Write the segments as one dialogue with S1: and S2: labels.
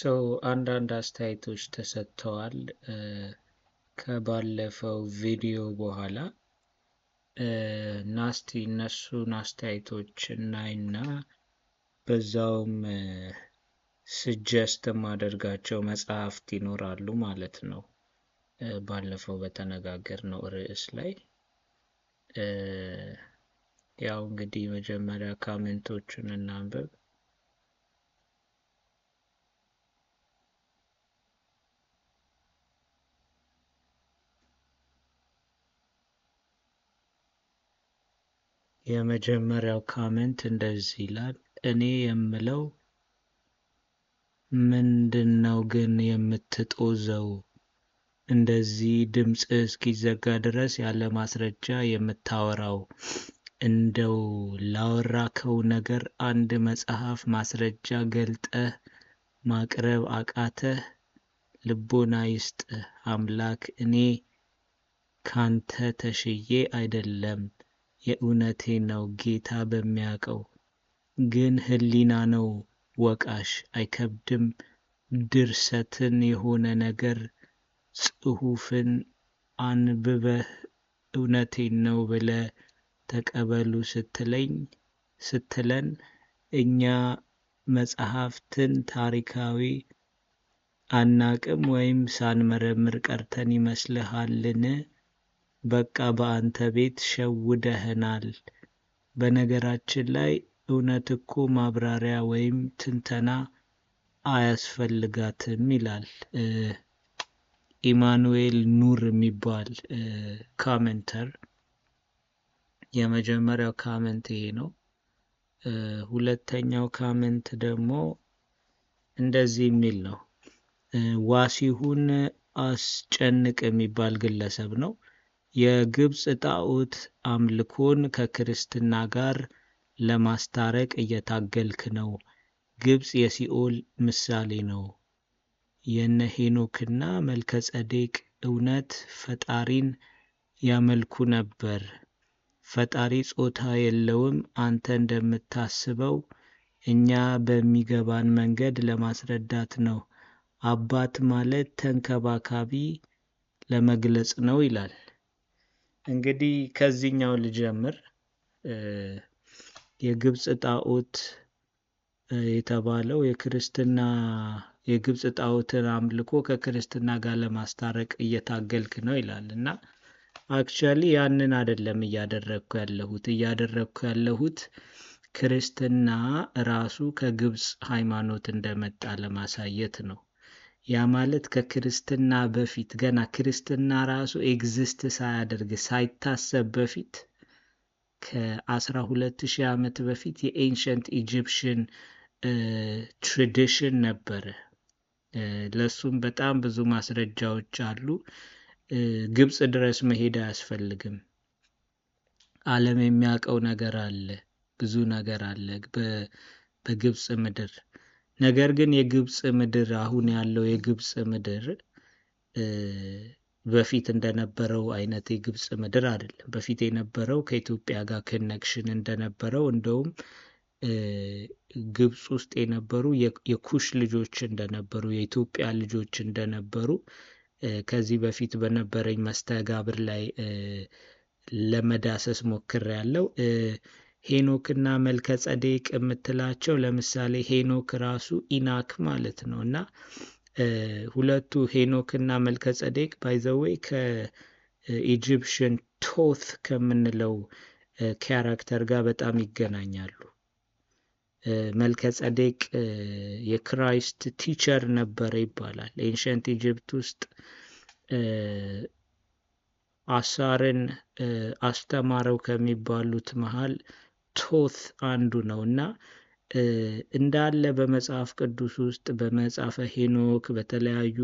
S1: ሰው አንዳንድ አስተያየቶች ተሰጥተዋል ከባለፈው ቪዲዮ በኋላ ናስቲ እነሱን አስተያየቶች እናይና በዛውም ስጀስት የማደርጋቸው መጽሐፍት ይኖራሉ ማለት ነው። ባለፈው ነው ርዕስ ላይ ያው እንግዲህ መጀመሪያ ካሜንቶቹን እናንብብ። የመጀመሪያው ካሜንት እንደዚህ ይላል፣ እኔ የምለው ምንድነው ግን የምትጦዘው? እንደዚህ ድምፅ እስኪዘጋ ድረስ ያለ ማስረጃ የምታወራው እንደው ላወራከው ነገር አንድ መጽሐፍ ማስረጃ ገልጠህ ማቅረብ አቃተህ? ልቦና ይስጥህ አምላክ። እኔ ካንተ ተሽዬ አይደለም የእውነቴ ነው ጌታ በሚያውቀው ግን ህሊና ነው ወቃሽ አይከብድም ድርሰትን የሆነ ነገር ጽሑፍን አንብበህ እውነቴን ነው ብለ ተቀበሉ ስትለኝ ስትለን እኛ መጽሐፍትን ታሪካዊ አናቅም ወይም ሳንመረምር ቀርተን ይመስልሃልን? በቃ በአንተ ቤት ሸውደህናል። በነገራችን ላይ እውነት እኮ ማብራሪያ ወይም ትንተና አያስፈልጋትም ይላል ኢማኑኤል ኑር የሚባል ካመንተር። የመጀመሪያው ካመንት ይሄ ነው። ሁለተኛው ካመንት ደግሞ እንደዚህ የሚል ነው። ዋሲሁን አስጨንቅ የሚባል ግለሰብ ነው። የግብፅ ጣዖት አምልኮን ከክርስትና ጋር ለማስታረቅ እየታገልክ ነው። ግብፅ የሲኦል ምሳሌ ነው። የነ ሄኖክና መልከ ጸዴቅ እውነት ፈጣሪን ያመልኩ ነበር። ፈጣሪ ጾታ የለውም። አንተ እንደምታስበው እኛ በሚገባን መንገድ ለማስረዳት ነው። አባት ማለት ተንከባካቢ ለመግለጽ ነው ይላል። እንግዲህ ከዚህኛው ልጀምር። የግብፅ ጣዖት የተባለው የክርስትና የግብፅ ጣዖትን አምልኮ ከክርስትና ጋር ለማስታረቅ እየታገልክ ነው ይላል እና አክቹዋሊ ያንን አይደለም እያደረግኩ ያለሁት። እያደረግኩ ያለሁት ክርስትና ራሱ ከግብፅ ሃይማኖት እንደመጣ ለማሳየት ነው። ያ ማለት ከክርስትና በፊት ገና ክርስትና ራሱ ኤግዚስት ሳያደርግ ሳይታሰብ በፊት ከአስራ ሁለት ሺህ ዓመት በፊት የኤንሸንት ኢጂፕሽን ትሬዲሽን ነበረ። ለሱም በጣም ብዙ ማስረጃዎች አሉ። ግብፅ ድረስ መሄድ አያስፈልግም። ዓለም የሚያውቀው ነገር አለ፣ ብዙ ነገር አለ በግብፅ ምድር። ነገር ግን የግብፅ ምድር አሁን ያለው የግብፅ ምድር በፊት እንደነበረው አይነት የግብፅ ምድር አይደለም። በፊት የነበረው ከኢትዮጵያ ጋር ኮኔክሽን እንደነበረው እንደውም ግብፅ ውስጥ የነበሩ የኩሽ ልጆች እንደነበሩ የኢትዮጵያ ልጆች እንደነበሩ ከዚህ በፊት በነበረኝ መስተጋብር ላይ ለመዳሰስ ሞክሬያለሁ። ሄኖክና መልከ ጸዴቅ የምትላቸው ለምሳሌ ሄኖክ ራሱ ኢናክ ማለት ነው እና ሁለቱ ሄኖክና መልከ ጸዴቅ ባይዘዌ ከኢጂፕሽን ቶት ከምንለው ካራክተር ጋር በጣም ይገናኛሉ። መልከ ጸዴቅ የክራይስት ቲቸር ነበረ ይባላል። ኤንሸንት ኢጅፕት ውስጥ አሳርን አስተማረው ከሚባሉት መሀል ቶት አንዱ ነው እና እንዳለ በመጽሐፍ ቅዱስ ውስጥ በመጽሐፈ ሄኖክ በተለያዩ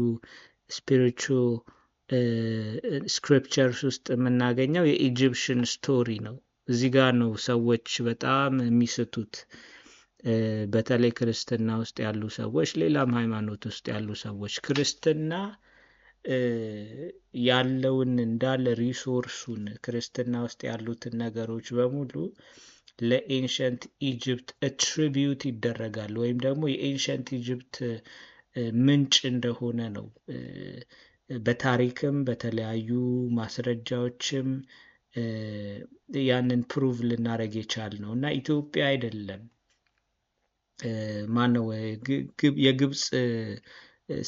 S1: ስፒሪቹ ስክሪፕቸርስ ውስጥ የምናገኘው የኢጅፕሽን ስቶሪ ነው። እዚህ ጋር ነው ሰዎች በጣም የሚስቱት። በተለይ ክርስትና ውስጥ ያሉ ሰዎች፣ ሌላም ሃይማኖት ውስጥ ያሉ ሰዎች ክርስትና ያለውን እንዳለ ሪሶርሱን ክርስትና ውስጥ ያሉትን ነገሮች በሙሉ ለኤንሸንት ኢጅፕት ትሪቢዩት ይደረጋል ወይም ደግሞ የኤንሸንት ኢጅፕት ምንጭ እንደሆነ ነው በታሪክም በተለያዩ ማስረጃዎችም ያንን ፕሩቭ ልናደረግ የቻል ነው እና ኢትዮጵያ አይደለም ማነው የግብፅ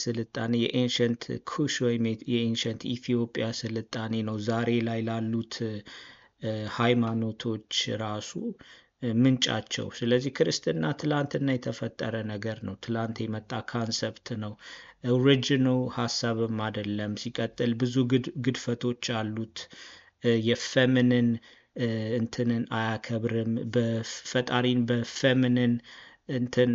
S1: ስልጣኔ የኤንሸንት ኩሽ ወይም የኤንሸንት ኢትዮጵያ ስልጣኔ ነው ዛሬ ላይ ላሉት ሃይማኖቶች ራሱ ምንጫቸው። ስለዚህ ክርስትና ትላንትና የተፈጠረ ነገር ነው። ትላንት የመጣ ካንሰፕት ነው። ኦሪጂኖ ሀሳብም አይደለም። ሲቀጥል ብዙ ግድፈቶች አሉት። የፌሚኒን እንትንን አያከብርም። በፈጣሪን በፌሚኒን እንትን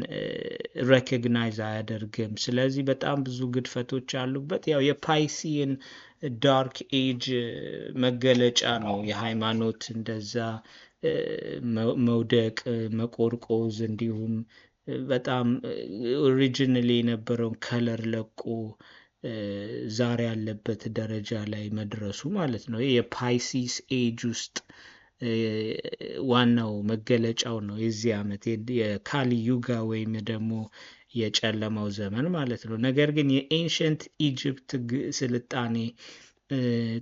S1: ሬኮግናይዝ አያደርግም። ስለዚህ በጣም ብዙ ግድፈቶች አሉበት። ያው የፓይሲን ዳርክ ኤጅ መገለጫ ነው። የሃይማኖት እንደዛ መውደቅ፣ መቆርቆዝ እንዲሁም በጣም ኦሪጂናሊ የነበረውን ከለር ለቆ ዛሬ ያለበት ደረጃ ላይ መድረሱ ማለት ነው። የፓይሲስ ኤጅ ውስጥ ዋናው መገለጫው ነው። የዚህ ዓመት የካሊ ዩጋ ወይም ደግሞ የጨለማው ዘመን ማለት ነው። ነገር ግን የኤንሸንት ኢጅፕት ስልጣኔ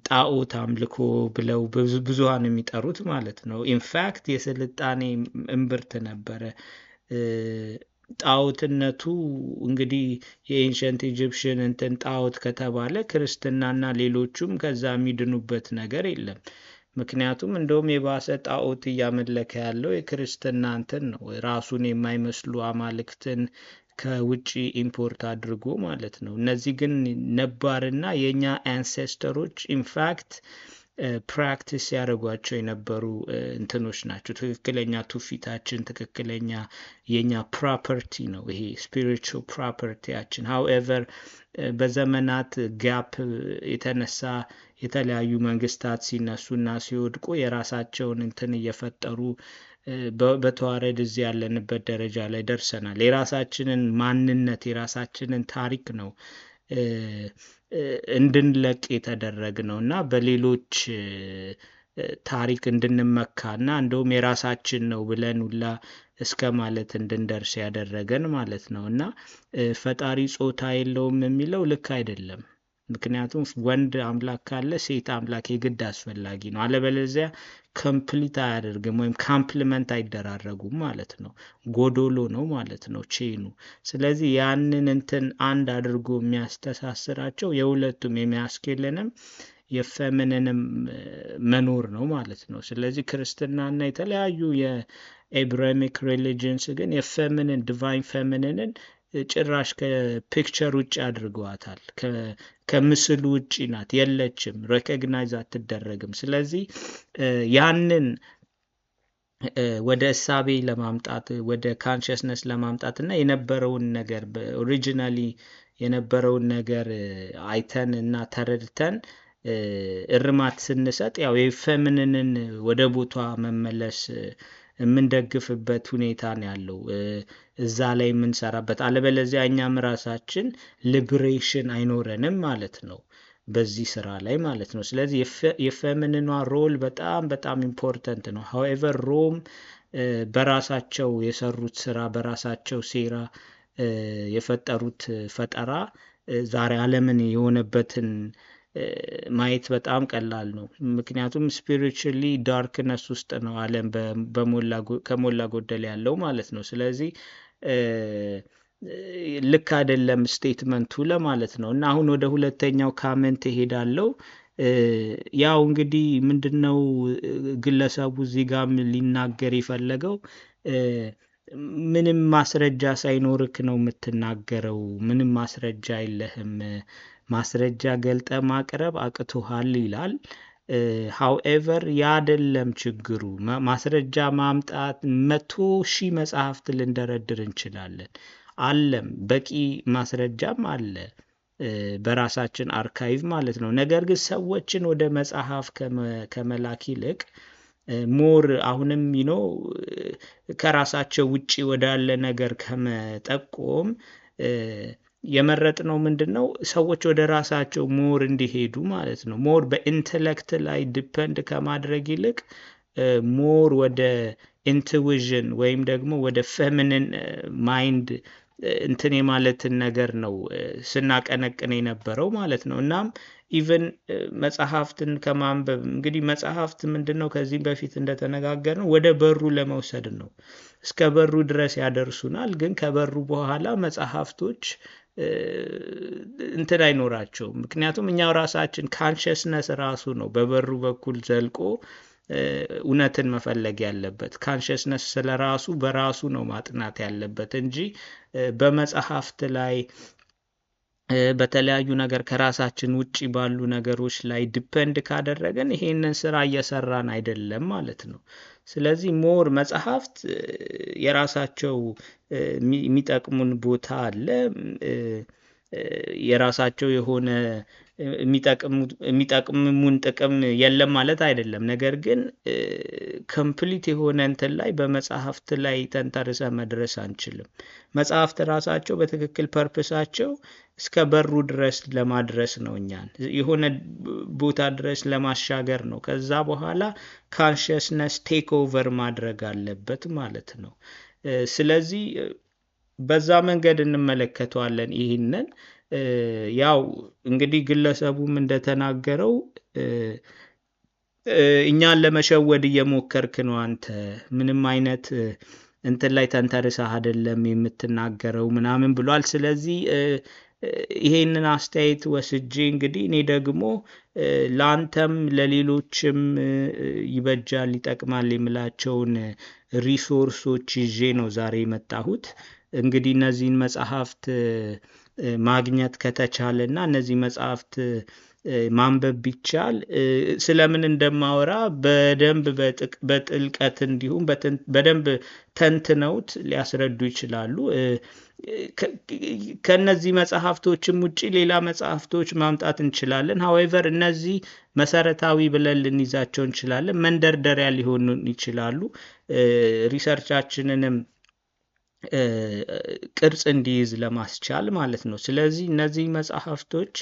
S1: ጣዖት አምልኮ ብለው ብዙሃን የሚጠሩት ማለት ነው። ኢንፋክት የስልጣኔ እምብርት ነበረ። ጣዖትነቱ እንግዲህ የኤንሸንት ኢጅፕሽን እንትን ጣዖት ከተባለ ክርስትናና ሌሎቹም ከዛ የሚድኑበት ነገር የለም። ምክንያቱም እንደውም የባሰ ጣዖት እያመለከ ያለው የክርስትና እንትን ነው። ራሱን የማይመስሉ አማልክትን ከውጭ ኢምፖርት አድርጎ ማለት ነው። እነዚህ ግን ነባርና የእኛ አንሴስተሮች ኢንፋክት ፕራክቲስ ያደርጓቸው የነበሩ እንትኖች ናቸው። ትክክለኛ ትውፊታችን ትክክለኛ የኛ ፕሮፐርቲ ነው ይሄ ስፒሪቹዋል ፕሮፐርቲያችን። ሀውኤቨር በዘመናት ጋፕ የተነሳ የተለያዩ መንግስታት ሲነሱና ሲወድቁ የራሳቸውን እንትን እየፈጠሩ በተዋረድ እዚህ ያለንበት ደረጃ ላይ ደርሰናል። የራሳችንን ማንነት የራሳችንን ታሪክ ነው እንድንለቅ የተደረግ ነው እና በሌሎች ታሪክ እንድንመካና እንደውም የራሳችን ነው ብለን ሁላ እስከ ማለት እንድንደርስ ያደረገን ማለት ነው እና ፈጣሪ ጾታ የለውም የሚለው ልክ አይደለም። ምክንያቱም ወንድ አምላክ ካለ ሴት አምላክ የግድ አስፈላጊ ነው። አለበለዚያ ከምፕሊት አያደርግም ወይም ካምፕሊመንት አይደራረጉም ማለት ነው። ጎዶሎ ነው ማለት ነው ቼኑ። ስለዚህ ያንን እንትን አንድ አድርጎ የሚያስተሳስራቸው የሁለቱም የሚያስኬልንም የፌሚኒንም መኖር ነው ማለት ነው። ስለዚህ ክርስትናና የተለያዩ የኤብራሚክ ሪሊጅንስ ግን የፌሚኒን ዲቫይን ፌሚኒንን ጭራሽ ከፒክቸር ውጭ አድርገዋታል። ከምስሉ ውጭ ናት፣ የለችም፣ ሬኮግናይዝ አትደረግም። ስለዚህ ያንን ወደ እሳቤ ለማምጣት ወደ ካንሽስነስ ለማምጣት እና የነበረውን ነገር ኦሪጂናሊ የነበረውን ነገር አይተን እና ተረድተን እርማት ስንሰጥ ያው የፌሚኒንን ወደ ቦታ መመለስ የምንደግፍበት ሁኔታ ነው ያለው እዛ ላይ የምንሰራበት። አለበለዚያ እኛም ራሳችን ሊብሬሽን አይኖረንም ማለት ነው በዚህ ስራ ላይ ማለት ነው። ስለዚህ የፌምንኗ ሮል በጣም በጣም ኢምፖርተንት ነው። ሀውኤቨር ሮም በራሳቸው የሰሩት ስራ በራሳቸው ሴራ የፈጠሩት ፈጠራ ዛሬ አለምን የሆነበትን ማየት በጣም ቀላል ነው። ምክንያቱም ስፒሪቹዋሊ ዳርክነስ ውስጥ ነው ዓለም ከሞላ ጎደል ያለው ማለት ነው። ስለዚህ ልክ አይደለም ስቴትመንቱ ለማለት ነው። እና አሁን ወደ ሁለተኛው ካመንት እሄዳለሁ። ያው እንግዲህ ምንድን ነው ግለሰቡ እዚህ ጋም ሊናገር የፈለገው ምንም ማስረጃ ሳይኖርክ ነው የምትናገረው፣ ምንም ማስረጃ የለህም ማስረጃ ገልጠ ማቅረብ አቅቶሃል ይላል። ሀውኤቨር ያደለም ችግሩ ማስረጃ ማምጣት መቶ ሺህ መጽሐፍት ልንደረድር እንችላለን። አለም በቂ ማስረጃም አለ በራሳችን አርካይቭ ማለት ነው። ነገር ግን ሰዎችን ወደ መጽሐፍ ከመላክ ይልቅ ሞር አሁንም ይኖ ከራሳቸው ውጪ ወዳለ ነገር ከመጠቆም ነው ምንድን ነው? ሰዎች ወደ ራሳቸው ሞር እንዲሄዱ ማለት ነው። ሞር በኢንተሌክት ላይ ዲፐንድ ከማድረግ ይልቅ ሞር ወደ ኢንትዊዥን ወይም ደግሞ ወደ ፌሚኒን ማይንድ እንትን የማለትን ነገር ነው ስናቀነቅን የነበረው ማለት ነው። እናም ኢቨን መጽሐፍትን ከማንበብ እንግዲህ መጽሐፍት ምንድን ነው ከዚህም በፊት እንደተነጋገር ነው ወደ በሩ ለመውሰድ ነው። እስከ በሩ ድረስ ያደርሱናል። ግን ከበሩ በኋላ መጽሐፍቶች እንትን አይኖራቸውም። ምክንያቱም እኛው ራሳችን ካንሽስነስ ራሱ ነው በበሩ በኩል ዘልቆ እውነትን መፈለግ ያለበት ካንሽስነስ ስለ ራሱ በራሱ ነው ማጥናት ያለበት እንጂ በመጽሐፍት ላይ በተለያዩ ነገር ከራሳችን ውጭ ባሉ ነገሮች ላይ ዲፐንድ ካደረገን ይሄንን ስራ እየሰራን አይደለም ማለት ነው። ስለዚህ ሞር መጽሐፍት የራሳቸው የሚጠቅሙን ቦታ አለ። የራሳቸው የሆነ የሚጠቅሙን ጥቅም የለም ማለት አይደለም። ነገር ግን ከምፕሊት የሆነ እንትን ላይ በመጽሐፍት ላይ ተንተርሰ መድረስ አንችልም። መጽሐፍት ራሳቸው በትክክል ፐርፕሳቸው እስከ በሩ ድረስ ለማድረስ ነው፣ እኛን የሆነ ቦታ ድረስ ለማሻገር ነው። ከዛ በኋላ ካንሽስነስ ቴክ ኦቨር ማድረግ አለበት ማለት ነው። ስለዚህ በዛ መንገድ እንመለከተዋለን። ይህንን ያው እንግዲህ ግለሰቡም እንደተናገረው እኛን ለመሸወድ እየሞከርክ ነው አንተ ምንም አይነት እንትን ላይ ተንተርሰህ አይደለም የምትናገረው ምናምን ብሏል። ስለዚህ ይሄንን አስተያየት ወስጄ እንግዲህ እኔ ደግሞ ለአንተም ለሌሎችም ይበጃል፣ ይጠቅማል የምላቸውን ሪሶርሶች ይዤ ነው ዛሬ የመጣሁት። እንግዲህ እነዚህን መጽሐፍት ማግኘት ከተቻለ እና እነዚህ መጽሐፍት ማንበብ ቢቻል ስለምን እንደማወራ በደንብ በጥልቀት እንዲሁም በደንብ ተንትነውት ሊያስረዱ ይችላሉ። ከነዚህ መጽሐፍቶችም ውጭ ሌላ መጽሐፍቶች ማምጣት እንችላለን። ሀዌቨር እነዚህ መሰረታዊ ብለን ልንይዛቸው እንችላለን፣ መንደርደሪያ ሊሆኑ ይችላሉ። ሪሰርቻችንንም ቅርጽ እንዲይዝ ለማስቻል ማለት ነው። ስለዚህ እነዚህ መጽሐፍቶች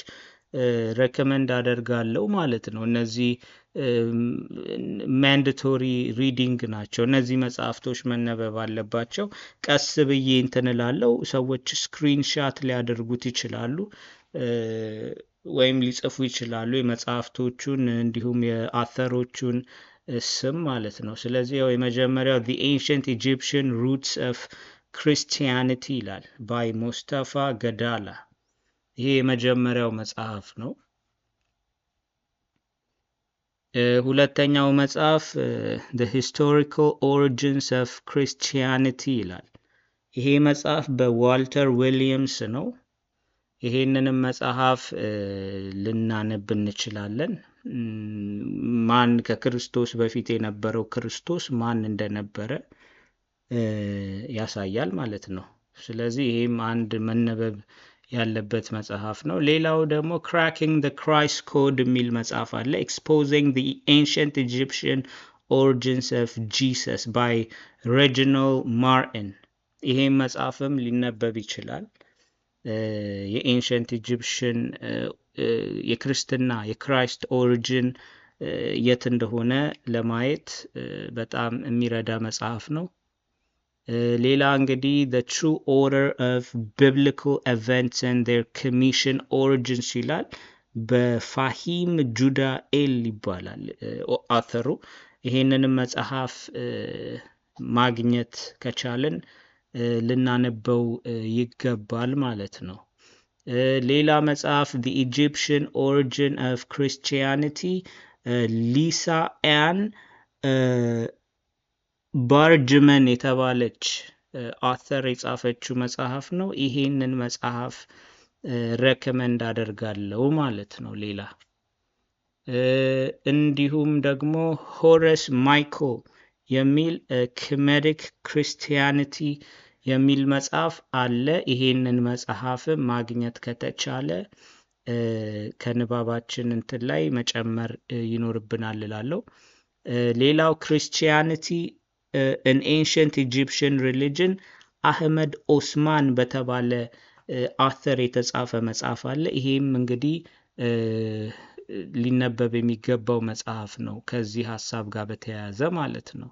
S1: ረከመንድ አደርጋለሁ ማለት ነው። እነዚህ ማንዳቶሪ ሪዲንግ ናቸው። እነዚህ መጽሐፍቶች መነበብ አለባቸው። ቀስ ብዬ እንትን እላለሁ። ሰዎች ስክሪንሻት ሊያደርጉት ይችላሉ ወይም ሊጽፉ ይችላሉ የመጽሐፍቶቹን እንዲሁም የአተሮቹን ስም ማለት ነው። ስለዚህ ያው የመጀመሪያው ዘ ኤንሸንት ኢጂፕሽን ሩትስ ኦፍ ክርስቲያንቲ ይላል ባይ ሙስተፋ ገዳላ። ይሄ የመጀመሪያው መጽሐፍ ነው። ሁለተኛው መጽሐፍ ዘ ሂስቶሪካል ኦሪጂንስ ኦፍ ክርስቲያንቲ ይላል። ይሄ መጽሐፍ በዋልተር ዊሊየምስ ነው። ይሄንንም መጽሐፍ ልናነብ እንችላለን። ማን ከክርስቶስ በፊት የነበረው ክርስቶስ ማን እንደነበረ ያሳያል ማለት ነው። ስለዚህ ይህም አንድ መነበብ ያለበት መጽሐፍ ነው። ሌላው ደግሞ ክራኪንግ ዘ ክራይስ ኮድ የሚል መጽሐፍ አለ። ኤክስፖዚንግ ዘ ኤንሽንት ኢጂፕሽን ኦሪጂንስ ኦፍ ጂሰስ ባይ ሬጂናል ማርን። ይሄም መጽሐፍም ሊነበብ ይችላል። የኤንሽንት ኢጂፕሽን የክርስትና የክራይስት ኦሪጂን የት እንደሆነ ለማየት በጣም የሚረዳ መጽሐፍ ነው። ሌላ እንግዲህ the true order of biblical events and their commission origins ይላል። በፋሂም ጁዳ ኤል ይባላል አተሩ። ይሄንንም መጽሐፍ ማግኘት ከቻልን ልናነበው ይገባል ማለት ነው። ሌላ መጽሐፍ the Egyptian origin of Christianity ሊሳ ያን ባርጅመን የተባለች አተር የጻፈችው መጽሐፍ ነው። ይሄንን መጽሐፍ ረከመንድ አደርጋለሁ ማለት ነው። ሌላ እንዲሁም ደግሞ ሆረስ ማይኮ የሚል ክሜዲክ ክርስቲያኒቲ የሚል መጽሐፍ አለ። ይሄንን መጽሐፍ ማግኘት ከተቻለ ከንባባችን እንትን ላይ መጨመር ይኖርብናል እላለሁ። ሌላው ክርስቲያኒቲ Uh, an ancient Egyptian religion አህመድ ኦስማን በተባለ አተር uh, የተጻፈ መጽሐፍ አለ። ይሄም እንግዲህ uh, ሊነበብ የሚገባው መጽሐፍ ነው፣ ከዚህ ሀሳብ ጋር በተያያዘ ማለት ነው።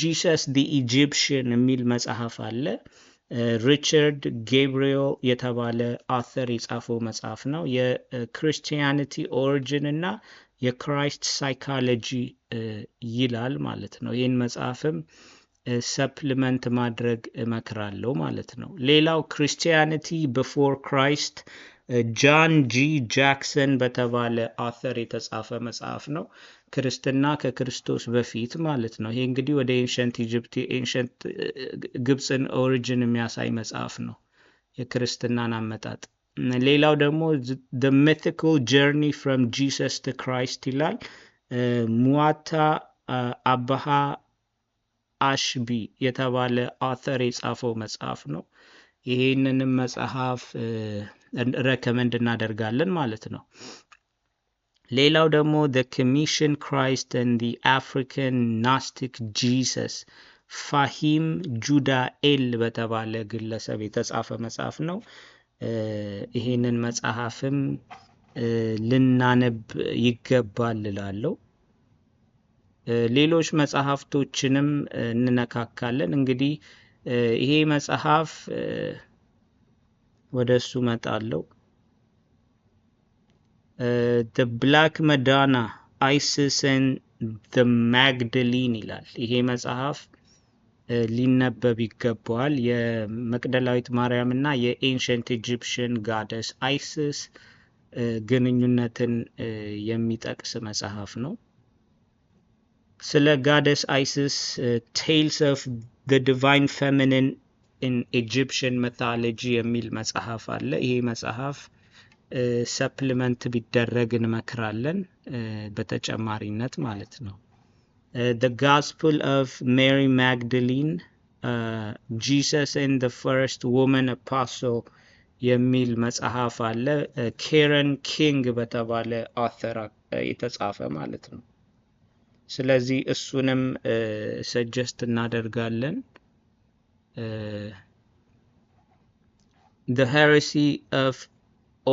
S1: ጂሰስ ዲ ኢጂፕሽን የሚል መጽሐፍ አለ። ሪቻርድ ጌብሪዮ የተባለ አተር የጻፈው መጽሐፍ ነው። የክርስቲያኒቲ ኦሪጂን እና የክራይስት ሳይካሎጂ ይላል ማለት ነው። ይህን መጽሐፍም ሰፕሊመንት ማድረግ እመክራለሁ ማለት ነው። ሌላው ክርስቲያኒቲ ቢፎር ክራይስት ጃን ጂ ጃክሰን በተባለ አተር የተጻፈ መጽሐፍ ነው። ክርስትና ከክርስቶስ በፊት ማለት ነው። ይሄ እንግዲህ ወደ ኤንሸንት ኢጅፕት ኤንሸንት ግብፅን ኦሪጅን የሚያሳይ መጽሐፍ ነው። የክርስትናን አመጣጥ ሌላው ደግሞ ዘ ሚቲካል ጀርኒ ፍሮም ጂሰስ ቱ ክራይስት ይላል። ሙዋታ አባሃ አሽቢ የተባለ አውተር የጻፈው መጽሐፍ ነው። ይህንንም መጽሐፍ ረከመንድ እናደርጋለን ማለት ነው። ሌላው ደግሞ ዘ ኮሚሽን ክራይስት ኤንድ አፍሪካን ናስቲክ ጂሰስ ፋሂም ጁዳ ኤል በተባለ ግለሰብ የተጻፈ መጽሐፍ ነው። ይሄንን መጽሐፍም ልናነብ ይገባል እላለሁ። ሌሎች መጽሐፍቶችንም እንነካካለን። እንግዲህ ይሄ መጽሐፍ ወደ እሱ መጣለው። ደ ብላክ መዳና አይሲስን ደ ማግደሊን ይላል ይሄ መጽሐፍ ሊነበብ ይገባዋል። የመቅደላዊት ማርያም እና የኤንሸንት ኢጂፕሽን ጋደስ አይስስ ግንኙነትን የሚጠቅስ መጽሐፍ ነው። ስለ ጋደስ አይስስ ቴልስ ኦፍ ዘ ዲቫይን ፌሚኒን ኢን ኢጂፕሽን ሜታሎጂ የሚል መጽሐፍ አለ። ይሄ መጽሐፍ ሰፕሊመንት ቢደረግ እንመክራለን፣ በተጨማሪነት ማለት ነው። Uh, the Gospel of Mary Magdalene ጂሰስ ኤን ዘ ፈርስት ውመን አፓስል የሚል መጽሐፍ አለ። ኬረን uh, ኪንግ በተባለ አውተር uh, የተጻፈ ማለት ነው። ስለዚህ እሱንም ሰጀስት እናደርጋለን። the heresy of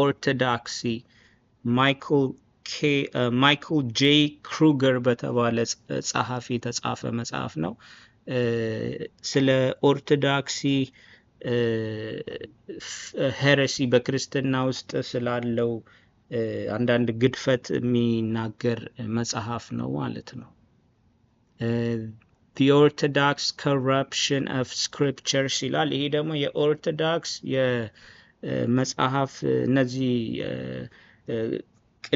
S1: orthodoxy michael ማይክል ጄ ክሩገር በተባለ ጸሐፊ የተጻፈ መጽሐፍ ነው። ስለ ኦርቶዶክሲ ሄረሲ በክርስትና ውስጥ ስላለው አንዳንድ ግድፈት የሚናገር መጽሐፍ ነው ማለት ነው። the orthodox corruption of ይላል። ይሄ ደግሞ የኦርቶዶክስ የመጽሐፍ እነዚህ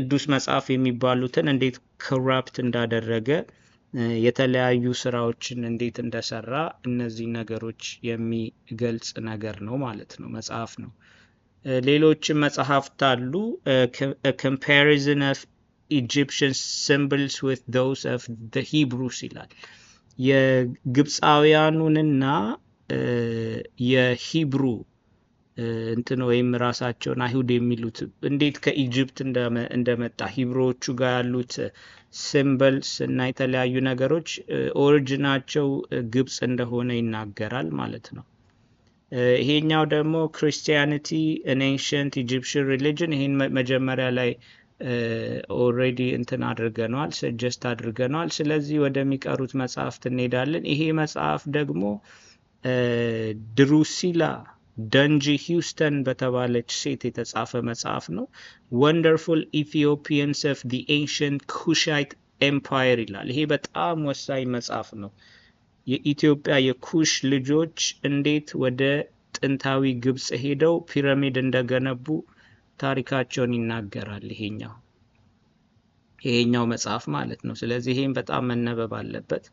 S1: ቅዱስ መጽሐፍ የሚባሉትን እንዴት ክራፕት እንዳደረገ የተለያዩ ስራዎችን እንዴት እንደሰራ እነዚህ ነገሮች የሚገልጽ ነገር ነው ማለት ነው መጽሐፍ ነው። ሌሎችም መጽሐፍት አሉ። ኮምፓሪዝን ኦፍ ኢጂፕሽን ሲምብልስ ዊዝ ዶስ ኦፍ ዘ ሂብሩስ ይላል። የግብፃውያኑንና የሂብሩ እንትን ወይም ራሳቸውን አይሁድ የሚሉት እንዴት ከኢጅፕት እንደመጣ ሂብሮዎቹ ጋር ያሉት ሲምበልስ እና የተለያዩ ነገሮች ኦሪጅናቸው ግብፅ እንደሆነ ይናገራል ማለት ነው። ይሄኛው ደግሞ ክርስቲያኒቲ ኤንሸንት ኢጂፕሽን ሪሊጅን ይህን መጀመሪያ ላይ ኦልሬዲ እንትን አድርገነዋል፣ ሰጀስት አድርገነዋል። ስለዚህ ወደሚቀሩት መጽሐፍት እንሄዳለን። ይሄ መጽሐፍ ደግሞ ድሩሲላ ደንጂ ሂውስተን በተባለች ሴት የተጻፈ መጽሐፍ ነው። ወንደርፉል ኢትዮፒየንስ ኦፍ ዲ ኤንሽንት ኩሻይት ኤምፓየር ይላል። ይሄ በጣም ወሳኝ መጽሐፍ ነው። የኢትዮጵያ የኩሽ ልጆች እንዴት ወደ ጥንታዊ ግብፅ ሄደው ፒራሚድ እንደገነቡ ታሪካቸውን ይናገራል። ይሄኛው ይሄኛው መጽሐፍ ማለት ነው። ስለዚህ ይሄም በጣም መነበብ አለበት።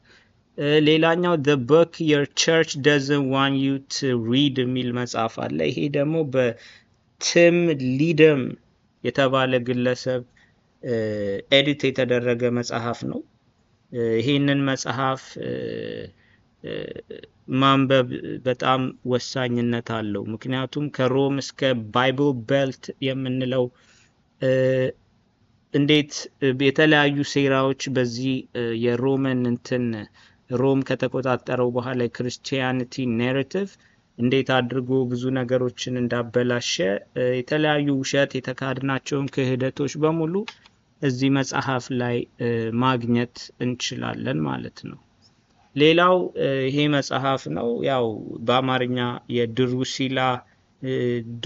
S1: ሌላኛው ዘ ቦክ የር ቸርች ደዝን ዋን ዩ ት ሪድ የሚል መጽሐፍ አለ። ይሄ ደግሞ በቲም ሊደም የተባለ ግለሰብ ኤዲት የተደረገ መጽሐፍ ነው። ይህንን መጽሐፍ ማንበብ በጣም ወሳኝነት አለው። ምክንያቱም ከሮም እስከ ባይብል ቤልት የምንለው እንዴት የተለያዩ ሴራዎች በዚህ የሮመን እንትን ሮም ከተቆጣጠረው በኋላ የክርስቲያኒቲ ኔሬቲቭ እንዴት አድርጎ ብዙ ነገሮችን እንዳበላሸ የተለያዩ ውሸት የተካድናቸውን ክህደቶች በሙሉ እዚህ መጽሐፍ ላይ ማግኘት እንችላለን ማለት ነው። ሌላው ይሄ መጽሐፍ ነው። ያው በአማርኛ የድሩሲላ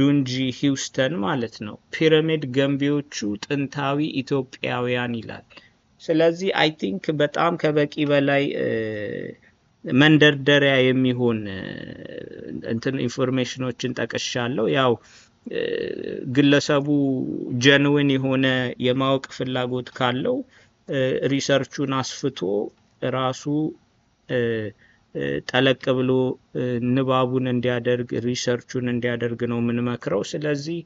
S1: ዱንጂ ሂውስተን ማለት ነው። ፒራሚድ ገንቢዎቹ ጥንታዊ ኢትዮጵያውያን ይላል። ስለዚህ አይ ቲንክ በጣም ከበቂ በላይ መንደርደሪያ የሚሆን እንትን ኢንፎርሜሽኖችን ጠቅሻለሁ። ያው ግለሰቡ ጀንዊን የሆነ የማወቅ ፍላጎት ካለው ሪሰርቹን አስፍቶ ራሱ ጠለቅ ብሎ ንባቡን እንዲያደርግ ሪሰርቹን እንዲያደርግ ነው የምንመክረው። ስለዚህ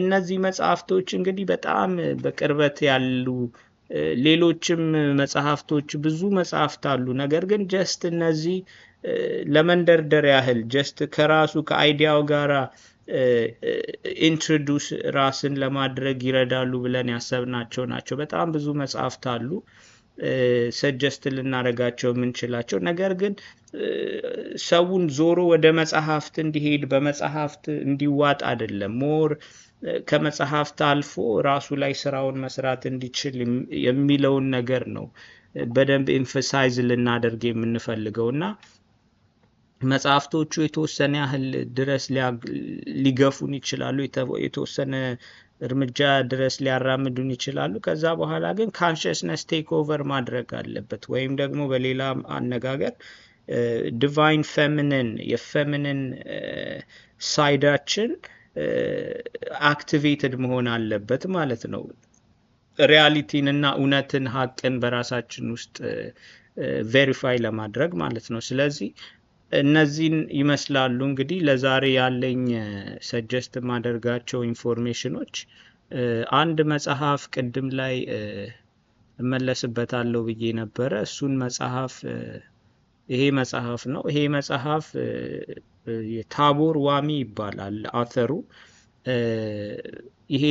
S1: እነዚህ መጽሐፍቶች እንግዲህ በጣም በቅርበት ያሉ ሌሎችም መጽሐፍቶች ብዙ መጽሐፍት አሉ። ነገር ግን ጀስት እነዚህ ለመንደርደር ያህል ጀስት ከራሱ ከአይዲያው ጋራ ኢንትሮዱስ ራስን ለማድረግ ይረዳሉ ብለን ያሰብናቸው ናቸው። በጣም ብዙ መጽሐፍት አሉ ሰጀስት ልናደርጋቸው የምንችላቸው ነገር ግን ሰውን ዞሮ ወደ መጽሐፍት እንዲሄድ በመጽሐፍት እንዲዋጥ አይደለም ሞር ከመጽሐፍት አልፎ ራሱ ላይ ስራውን መስራት እንዲችል የሚለውን ነገር ነው በደንብ ኤምፈሳይዝ ልናደርግ የምንፈልገው እና መጽሐፍቶቹ የተወሰነ ያህል ድረስ ሊገፉን ይችላሉ፣ የተወሰነ እርምጃ ድረስ ሊያራምዱን ይችላሉ። ከዛ በኋላ ግን ካንሽስነስ ቴክ ኦቨር ማድረግ አለበት። ወይም ደግሞ በሌላ አነጋገር ዲቫይን ፌሚኒን የፌሚኒን ሳይዳችን አክቲቬትድ መሆን አለበት ማለት ነው። ሪያሊቲን እና እውነትን ሀቅን በራሳችን ውስጥ ቬሪፋይ ለማድረግ ማለት ነው። ስለዚህ እነዚህን ይመስላሉ እንግዲህ ለዛሬ ያለኝ ሰጀስት የማደርጋቸው ኢንፎርሜሽኖች። አንድ መጽሐፍ ቅድም ላይ እመለስበታለሁ ብዬ ነበረ። እሱን መጽሐፍ ይሄ መጽሐፍ ነው። ይሄ መጽሐፍ የታቦር ዋሚ ይባላል አተሩ። ይሄ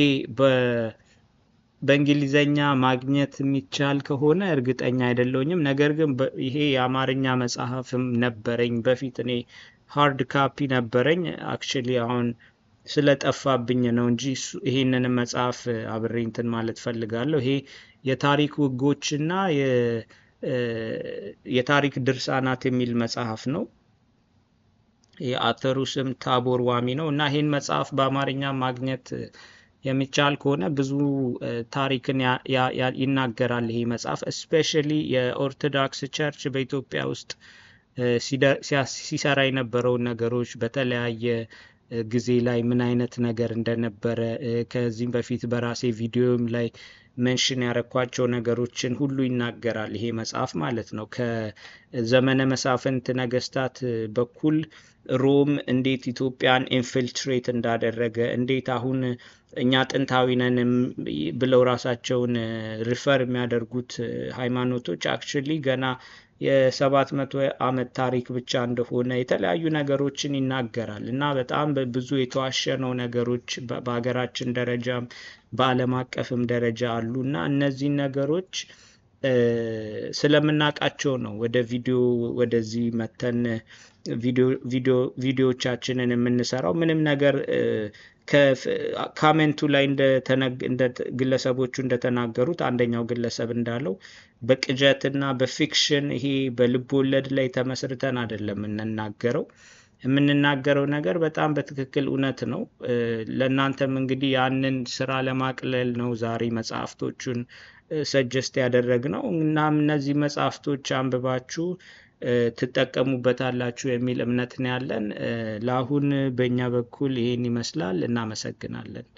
S1: በእንግሊዘኛ ማግኘት የሚቻል ከሆነ እርግጠኛ አይደለውኝም ነገር ግን ይሄ የአማርኛ መጽሐፍም ነበረኝ በፊት እኔ ሃርድ ካፒ ነበረኝ። አክቹሊ አሁን ስለጠፋብኝ ነው እንጂ ይሄንን መጽሐፍ አብሬ እንትን ማለት ፈልጋለሁ። ይሄ የታሪክ ውጎችና የታሪክ ድርሳናት የሚል መጽሐፍ ነው። የአተሩ ስም ታቦር ዋሚ ነው እና ይህን መጽሐፍ በአማርኛ ማግኘት የሚቻል ከሆነ ብዙ ታሪክን ይናገራል። ይህ መጽሐፍ እስፔሻሊ የኦርቶዶክስ ቸርች በኢትዮጵያ ውስጥ ሲሰራ የነበረውን ነገሮች በተለያየ ጊዜ ላይ ምን አይነት ነገር እንደነበረ ከዚህም በፊት በራሴ ቪዲዮም ላይ መንሽን ያረኳቸው ነገሮችን ሁሉ ይናገራል ይሄ መጽሐፍ ማለት ነው። ከዘመነ መሳፍንት ነገስታት በኩል ሮም እንዴት ኢትዮጵያን ኢንፊልትሬት እንዳደረገ እንዴት አሁን እኛ ጥንታዊ ነን ብለው ራሳቸውን ሪፈር የሚያደርጉት ሃይማኖቶች አክቹዋሊ ገና የሰባት መቶ ዓመት ታሪክ ብቻ እንደሆነ የተለያዩ ነገሮችን ይናገራል እና በጣም ብዙ የተዋሸነው ነገሮች በሀገራችን ደረጃም በዓለም አቀፍም ደረጃ አሉ እና እነዚህን ነገሮች ስለምናውቃቸው ነው ወደ ቪዲዮ ወደዚህ መተን ቪዲዮዎቻችንን የምንሰራው ምንም ነገር ካሜንቱ ላይ ግለሰቦቹ እንደተናገሩት አንደኛው ግለሰብ እንዳለው በቅጀትና በፊክሽን ይሄ በልብ ወለድ ላይ ተመስርተን አይደለም የምንናገረው። የምንናገረው ነገር በጣም በትክክል እውነት ነው። ለእናንተም እንግዲህ ያንን ስራ ለማቅለል ነው ዛሬ መጽሐፍቶቹን ሰጀስት ያደረግ ነው። እናም እነዚህ መጽሐፍቶች አንብባችሁ ትጠቀሙበታላችሁ የሚል እምነት ያለን። ለአሁን በእኛ በኩል ይህን ይመስላል። እናመሰግናለን።